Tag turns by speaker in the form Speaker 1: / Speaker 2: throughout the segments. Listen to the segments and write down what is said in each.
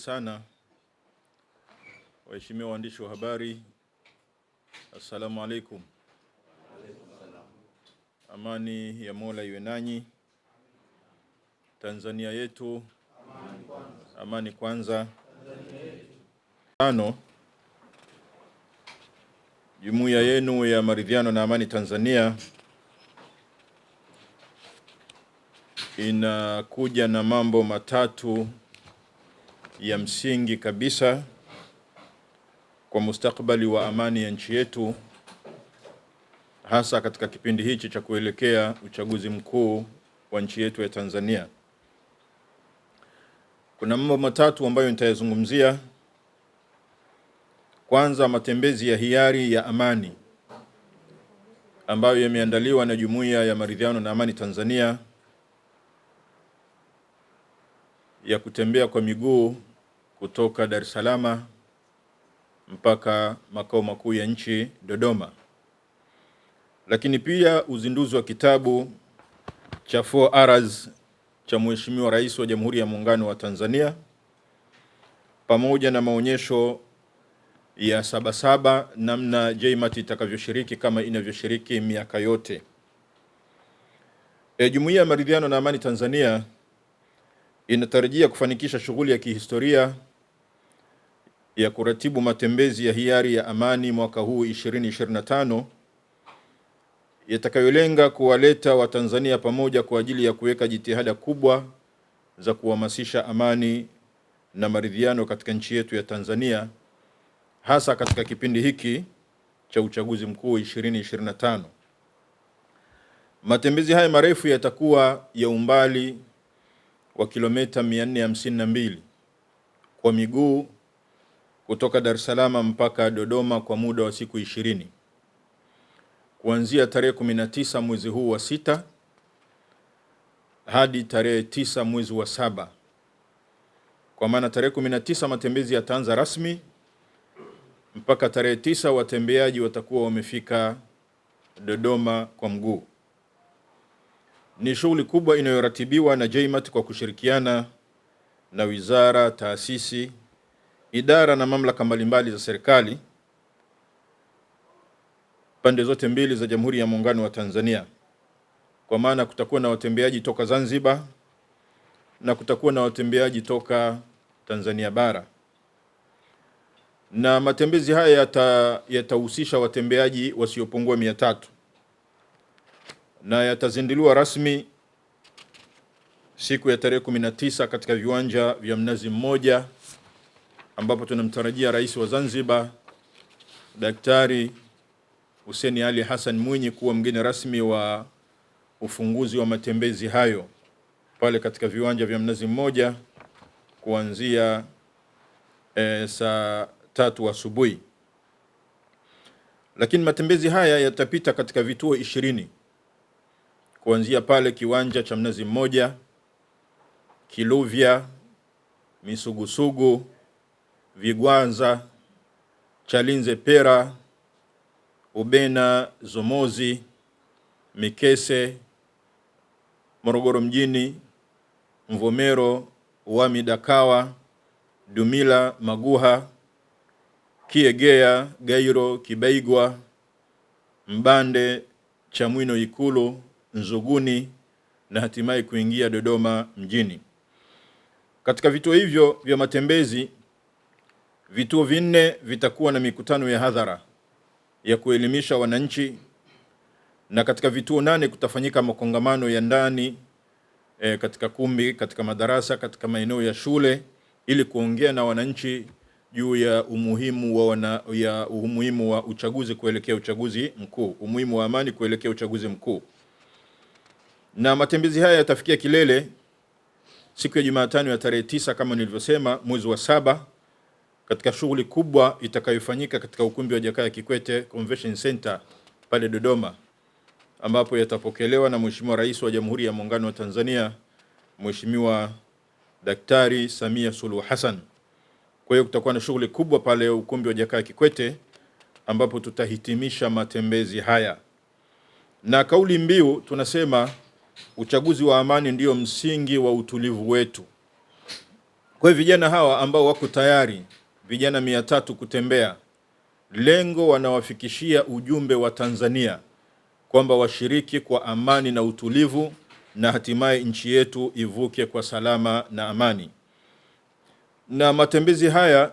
Speaker 1: Sana waheshimiwa waandishi wa habari, assalamu alaikum. Amani ya Mola iwe nanyi. Tanzania yetu amani kwanza, amani Tano, jumuiya yenu ya maridhiano na amani Tanzania inakuja na mambo matatu ya msingi kabisa kwa mustakabali wa amani ya nchi yetu, hasa katika kipindi hichi cha kuelekea uchaguzi mkuu wa nchi yetu ya Tanzania. Kuna mambo matatu ambayo nitayazungumzia. Kwanza, matembezi ya hiari ya amani ambayo yameandaliwa na Jumuiya ya Maridhiano na Amani Tanzania ya kutembea kwa miguu kutoka Dar es Salaam mpaka makao makuu ya nchi Dodoma, lakini pia uzinduzi wa kitabu cha 4Rs cha Mheshimiwa Rais wa Jamhuri ya Muungano wa Tanzania pamoja na maonyesho ya Sabasaba namna JMAT itakavyoshiriki kama inavyoshiriki miaka yote. E, Jumuiya ya Maridhiano na Amani Tanzania inatarajia kufanikisha shughuli ya kihistoria ya kuratibu matembezi ya hiari ya amani mwaka huu 2025 yatakayolenga kuwaleta Watanzania pamoja kwa ajili ya kuweka jitihada kubwa za kuhamasisha amani na maridhiano katika nchi yetu ya Tanzania hasa katika kipindi hiki cha uchaguzi mkuu 2025. Matembezi haya marefu yatakuwa ya umbali wa kilomita 452 kwa miguu kutoka Dar es Salaam mpaka Dodoma kwa muda wa siku ishirini kuanzia tarehe 19 mwezi huu wa sita hadi tarehe tisa mwezi wa saba. Kwa maana tarehe 19 matembezi yataanza rasmi mpaka tarehe tisa watembeaji watakuwa wamefika Dodoma kwa mguu. Ni shughuli kubwa inayoratibiwa na JMAT kwa kushirikiana na wizara, taasisi idara na mamlaka mbalimbali za serikali pande zote mbili za Jamhuri ya Muungano wa Tanzania, kwa maana kutakuwa na watembeaji toka Zanzibar na kutakuwa na watembeaji toka Tanzania bara, na matembezi haya yatahusisha yata watembeaji wasiopungua mia tatu na yatazinduliwa rasmi siku ya tarehe 19 katika viwanja vya Mnazi Mmoja ambapo tunamtarajia rais wa Zanzibar Daktari Hussein Ali Hassan Mwinyi kuwa mgeni rasmi wa ufunguzi wa matembezi hayo pale katika viwanja vya Mnazi Mmoja kuanzia e, saa tatu asubuhi. Lakini matembezi haya yatapita katika vituo ishirini kuanzia pale kiwanja cha Mnazi Mmoja, Kiluvya, Misugusugu Vigwanza, Chalinze Pera, Ubena Zomozi, Mikese, Morogoro mjini, Mvomero, dakawa Dumila, Maguha, Kiegea, Gairo, Kibaigwa, Mbande, Chamwino, Ikulu, Nzuguni na hatimaye kuingia Dodoma mjini. Katika vituo hivyo vya matembezi Vituo vinne vitakuwa na mikutano ya hadhara ya kuelimisha wananchi, na katika vituo nane kutafanyika makongamano ya ndani e, katika kumbi, katika madarasa, katika maeneo ya shule ili kuongea na wananchi juu ya umuhimu wa wana, ya umuhimu wa uchaguzi kuelekea uchaguzi mkuu, umuhimu wa amani kuelekea uchaguzi mkuu. Na matembezi haya yatafikia kilele siku ya Jumatano ya tarehe tisa kama nilivyosema, mwezi wa saba katika shughuli kubwa itakayofanyika katika ukumbi wa Jakaya Kikwete Convention Center pale Dodoma, ambapo yatapokelewa na Mheshimiwa Rais wa Jamhuri ya Muungano wa Tanzania Mheshimiwa Daktari Samia Suluhu Hassan. Kwa hiyo kutakuwa na shughuli kubwa pale ukumbi wa Jakaya Kikwete ambapo tutahitimisha matembezi haya, na kauli mbiu tunasema uchaguzi wa amani ndio msingi wa utulivu wetu. Kwa hiyo vijana hawa ambao wako tayari vijana mia tatu kutembea, lengo wanawafikishia ujumbe wa Tanzania kwamba washiriki kwa amani na utulivu na hatimaye nchi yetu ivuke kwa salama na amani. Na matembezi haya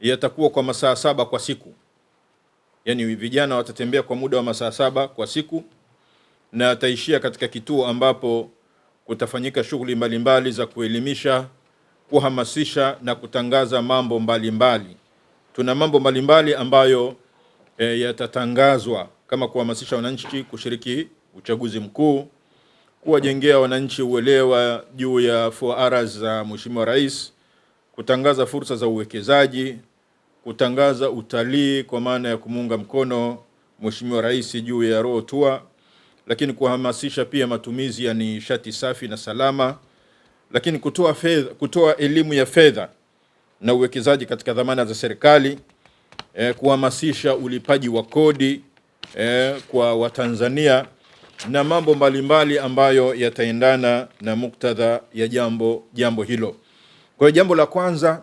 Speaker 1: yatakuwa kwa masaa saba kwa siku, yaani vijana watatembea kwa muda wa masaa saba kwa siku na ataishia katika kituo ambapo kutafanyika shughuli mbalimbali za kuelimisha kuhamasisha na kutangaza mambo mbalimbali mbali. Tuna mambo mbalimbali mbali ambayo e, yatatangazwa kama kuhamasisha wananchi kushiriki uchaguzi mkuu, kuwajengea wananchi uelewa juu ya fuara za Mheshimiwa Rais, kutangaza fursa za uwekezaji, kutangaza utalii kwa maana ya kumuunga mkono Mheshimiwa Rais juu ya Royal Tour, lakini kuhamasisha pia matumizi ya nishati safi na salama lakini kutoa fedha, kutoa elimu ya fedha na uwekezaji katika dhamana za serikali eh, kuhamasisha ulipaji wa kodi eh, kwa Watanzania na mambo mbalimbali ambayo yataendana na muktadha ya jambo jambo hilo. Kwa hiyo jambo la kwanza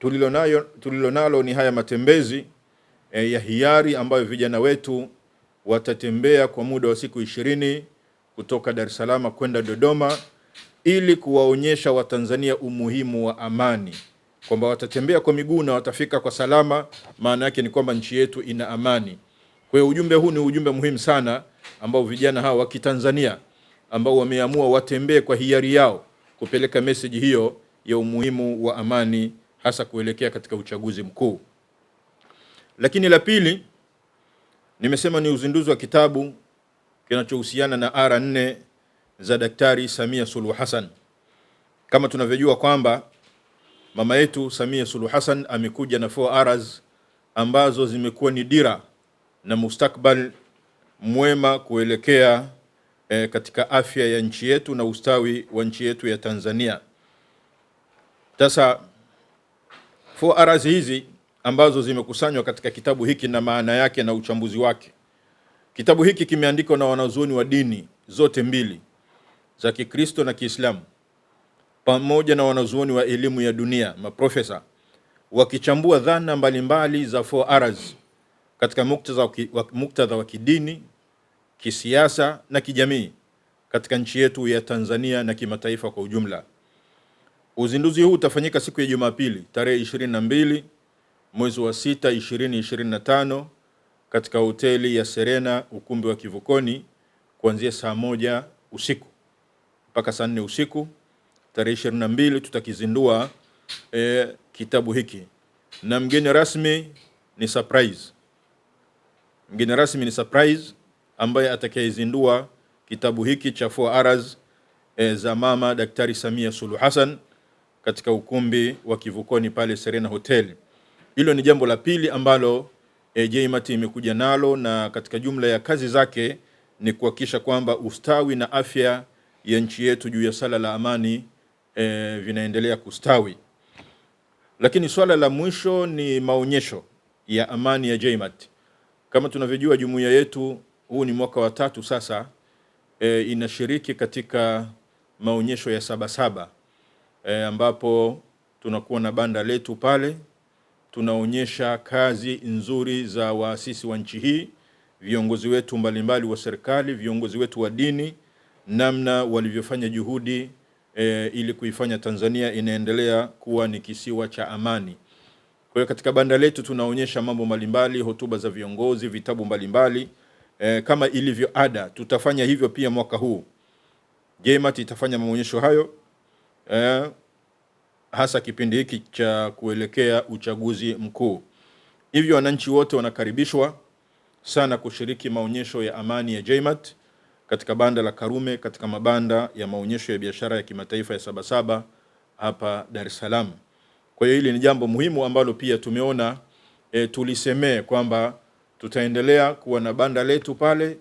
Speaker 1: tulilonayo tulilonalo ni haya matembezi eh, ya hiari ambayo vijana wetu watatembea kwa muda wa siku ishirini kutoka Dar es Salaam kwenda Dodoma ili kuwaonyesha Watanzania umuhimu wa amani, kwamba watatembea kwa miguu na watafika kwa salama. Maana yake ni kwamba nchi yetu ina amani. Kwa hiyo ujumbe huu ni ujumbe muhimu sana ambao vijana hawa wa Kitanzania ambao wameamua watembee kwa hiari yao kupeleka meseji hiyo ya umuhimu wa amani, hasa kuelekea katika uchaguzi mkuu. Lakini la pili nimesema ni uzinduzi wa kitabu kinachohusiana na R4 za Daktari Samia Suluhu Hassan. Kama tunavyojua kwamba mama yetu Samia Suluhu Hassan amekuja na 4Rs ambazo zimekuwa ni dira na mustakbal mwema kuelekea e, katika afya ya nchi yetu na ustawi wa nchi yetu ya Tanzania. Sasa 4Rs hizi ambazo zimekusanywa katika kitabu hiki na maana yake na uchambuzi wake. Kitabu hiki kimeandikwa na wanazuoni wa dini zote mbili za Kikristo na Kiislamu pamoja na wanazuoni wa elimu ya dunia maprofesa wakichambua dhana mbalimbali za 4R katika muktadha wa kidini, kisiasa na kijamii katika nchi yetu ya Tanzania na kimataifa kwa ujumla. Uzinduzi huu utafanyika siku ya Jumapili tarehe 22 mwezi wa 6 2025 katika hoteli ya Serena ukumbi wa Kivukoni kuanzia saa moja usiku mpaka saa nne usiku tarehe ishirini na mbili tutakizindua e, kitabu hiki na mgeni rasmi ni surprise. Mgeni rasmi ni surprise ambaye atakayezindua kitabu hiki cha Four Arrows e, za mama Daktari Samia Suluhu Hassan katika ukumbi wa Kivukoni pale Serena Hotel. Hilo ni jambo la pili ambalo e, JMAT imekuja nalo, na katika jumla ya kazi zake ni kuhakikisha kwamba ustawi na afya ya nchi yetu juu ya sala la amani e, vinaendelea kustawi. Lakini swala la mwisho ni maonyesho ya amani ya JMAT. Kama tunavyojua jumuiya yetu, huu ni mwaka wa tatu sasa e, inashiriki katika maonyesho ya Sabasaba e, eh, ambapo tunakuwa na banda letu pale, tunaonyesha kazi nzuri za waasisi wa nchi hii, viongozi wetu mbalimbali wa serikali, viongozi wetu wa dini namna walivyofanya juhudi e, ili kuifanya Tanzania inaendelea kuwa ni kisiwa cha amani. Kwa hiyo katika banda letu tunaonyesha mambo mbalimbali, hotuba za viongozi, vitabu mbalimbali e, kama ilivyo ada, tutafanya hivyo pia mwaka huu. JMAT itafanya maonyesho hayo e, hasa kipindi hiki cha kuelekea uchaguzi mkuu. Hivyo wananchi wote wanakaribishwa sana kushiriki maonyesho ya amani ya JMAT katika banda la Karume katika mabanda ya maonyesho ya biashara ya kimataifa ya Sabasaba hapa Dar es Salaam. Kwa hiyo hili ni jambo muhimu ambalo pia tumeona e, tulisemee kwamba tutaendelea kuwa na banda letu pale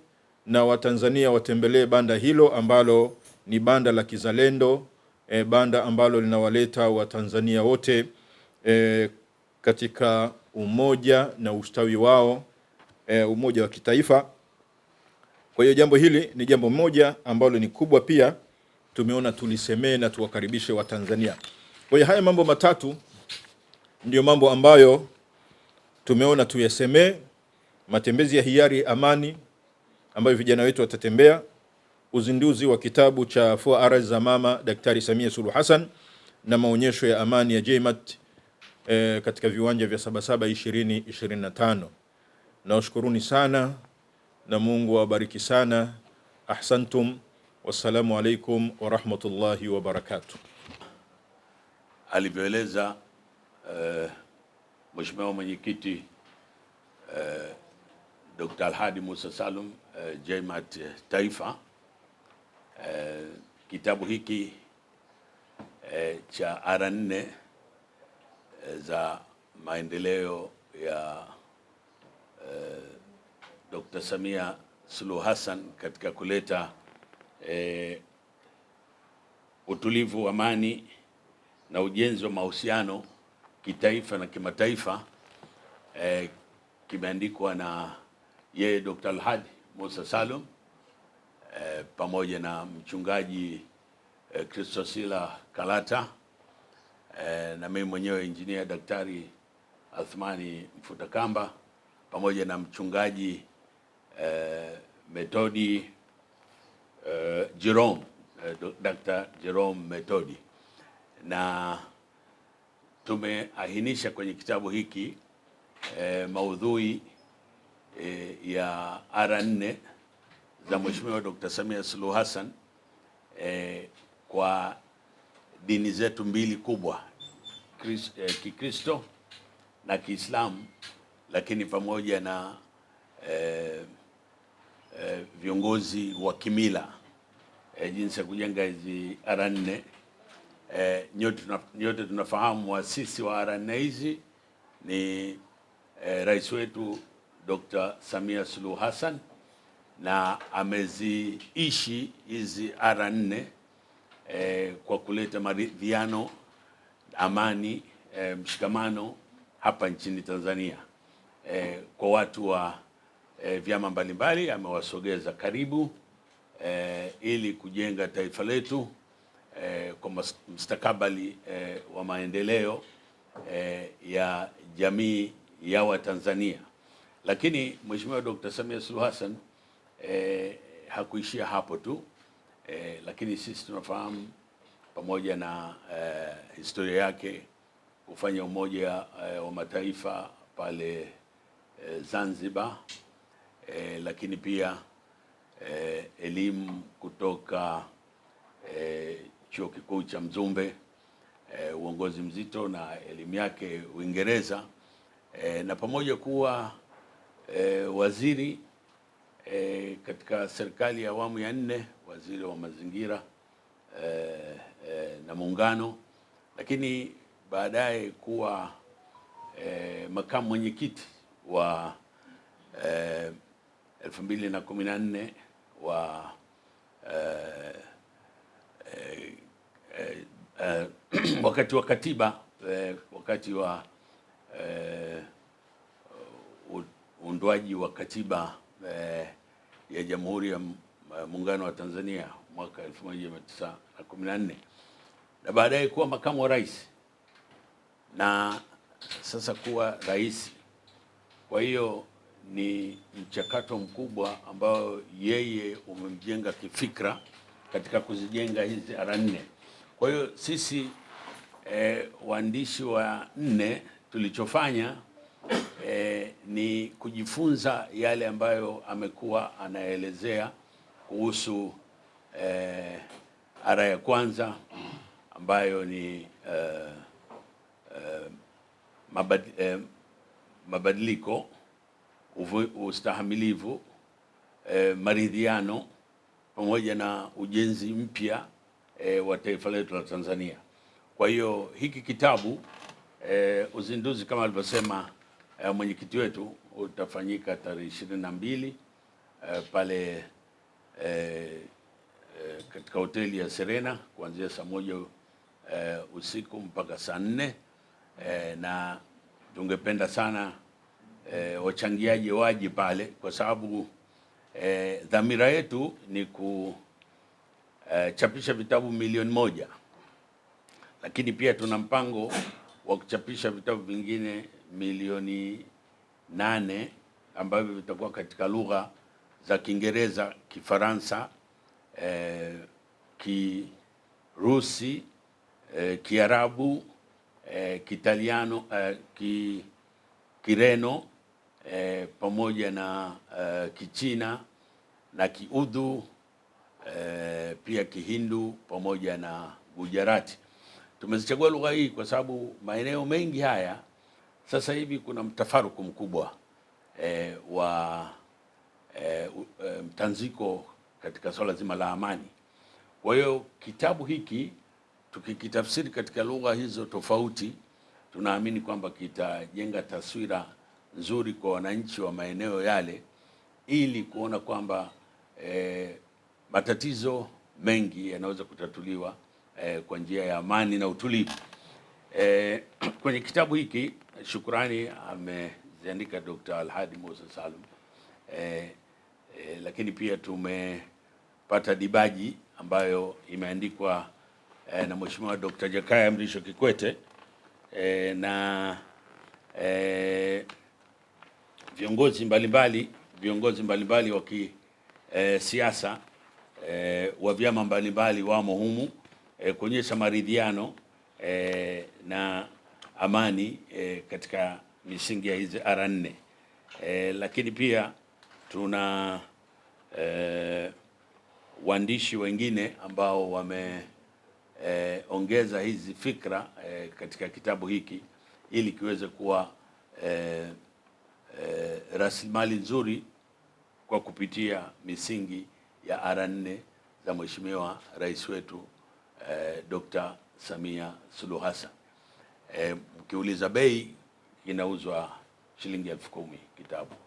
Speaker 1: na Watanzania watembelee banda hilo ambalo ni banda la kizalendo e, banda ambalo linawaleta Watanzania wote e, katika umoja na ustawi wao e, umoja wa kitaifa kwa hiyo jambo hili ni jambo moja ambalo ni kubwa pia tumeona tulisemee na tuwakaribishe Watanzania. Kwa hiyo haya mambo matatu ndiyo mambo ambayo tumeona tuyasemee: matembezi ya hiari amani ambayo vijana wetu watatembea, uzinduzi wa kitabu cha Four Arrows za Mama Daktari Samia Suluhu Hassan na maonyesho ya amani ya JMAT eh, katika viwanja vya Sabasaba 2025. Nawashukuruni sana na Mungu awabariki sana. Ahsantum, wassalamu alaikum warahmatullahi wabarakatuh.
Speaker 2: Alivyoeleza uh, Mheshimiwa Mwenyekiti uh, eh, Dr. Alhadi Musa Salum uh, eh, Jaimat Taifa uh, kitabu hiki uh, cha ara nne uh, za maendeleo ya Dr. Samia Suluhu Hassan katika kuleta eh, utulivu, amani na ujenzi wa mahusiano kitaifa na kimataifa eh, kimeandikwa na yeye Dr. Alhadi Musa Salum eh, pamoja na mchungaji eh, Christosila Kalata eh, na mimi mwenyewe injinia daktari Athmani Mfutakamba pamoja na mchungaji Eh, Methodi uh, eh, Jerome uh, Dr. Jerome Methodi, na tumeahinisha kwenye kitabu hiki uh, maudhui uh, ya ara nne za Mheshimiwa Dr. Samia Suluhu Hassan uh, kwa dini zetu mbili kubwa Kikristo na Kiislamu, lakini pamoja na eh, eh, viongozi wa kimila eh, jinsi ya kujenga hizi R nne eh, nyote, tuna, nyote tunafahamu waasisi wa R nne hizi ni eh, rais wetu Dr. Samia Suluhu Hassan na ameziishi hizi R nne eh, kwa kuleta maridhiano, amani, eh, mshikamano hapa nchini Tanzania eh, kwa watu wa e, vyama mbalimbali amewasogeza karibu e, ili kujenga taifa letu e, kwa mustakabali e, wa maendeleo e, ya jamii ya Watanzania. Lakini Mheshimiwa Dr. Samia Suluhu Hassan e, hakuishia hapo tu e, lakini sisi tunafahamu pamoja na e, historia yake kufanya Umoja e, wa Mataifa pale e, Zanzibar e, lakini pia e, elimu kutoka e, chuo kikuu cha Mzumbe e, uongozi mzito na elimu yake Uingereza e, na pamoja kuwa e, waziri e, katika serikali ya awamu ya nne, waziri wa mazingira e, e, na muungano, lakini baadaye kuwa e, makamu mwenyekiti wa eh, elfu mbili na kumi na nne wa eh, eh, eh, eh wakati wa katiba eh, wakati wa eh, uundwaji wa katiba eh, ya Jamhuri ya Muungano wa Tanzania mwaka 1914 na baadaye kuwa makamu wa rais na sasa kuwa rais. Kwa hiyo ni mchakato mkubwa ambao yeye umemjenga kifikra katika kuzijenga hizi ara nne. Kwa hiyo sisi e, waandishi wa nne tulichofanya e, ni kujifunza yale ambayo amekuwa anaelezea kuhusu e, ara ya kwanza ambayo ni e, e, mabadiliko ustahamilivu, e, eh, maridhiano pamoja na ujenzi mpya e, wa taifa letu la Tanzania. Kwa hiyo hiki kitabu e, uzinduzi kama alivyosema e, mwenyekiti wetu utafanyika tarehe ishirini na mbili e, pale e, e, katika hoteli ya Serena kuanzia saa moja e, usiku mpaka saa nne e, na tungependa sana e, eh, wachangiaji waji pale, kwa sababu e, dhamira yetu ni kuchapisha eh, e, vitabu milioni moja, lakini pia tuna mpango wa kuchapisha vitabu vingine milioni nane ambavyo vitakuwa katika lugha za Kiingereza, Kifaransa, e, Kirusi, e, Kiarabu, e, Kitaliano, e, ki Kireno e, pamoja na e, Kichina na Kiudhu e, pia Kihindu pamoja na Gujarati. Tumezichagua lugha hii kwa sababu maeneo mengi haya sasa hivi kuna mtafaruku mkubwa e, wa e, mtanziko katika swala zima la amani. Kwa hiyo kitabu hiki tukikitafsiri katika lugha hizo tofauti, tunaamini kwamba kitajenga taswira nzuri kwa wananchi wa maeneo yale ili kuona kwamba eh, matatizo mengi yanaweza kutatuliwa eh, kwa njia ya amani na utulivu. Eh, kwenye kitabu hiki shukrani ameziandika Dr. Alhadi Musa Salum eh, eh, lakini pia tumepata dibaji ambayo imeandikwa eh, na Mheshimiwa Dr. Jakaya Mrisho Kikwete eh, na eh, viongozi mbalimbali viongozi mbalimbali wa kisiasa eh, e, eh, e, wa vyama mbalimbali wamo humu e, kuonyesha maridhiano e, na amani e, katika misingi ya hizi R 4 e, lakini pia tuna e, waandishi wengine ambao wameongeza e, hizi fikra e, katika kitabu hiki ili kiweze kuwa e, eh, rasilimali nzuri kwa kupitia misingi ya R4 za Mheshimiwa Rais wetu eh, Dr. Samia Suluhu Hassan. Eh, mkiuliza bei inauzwa shilingi elfu kumi kitabu.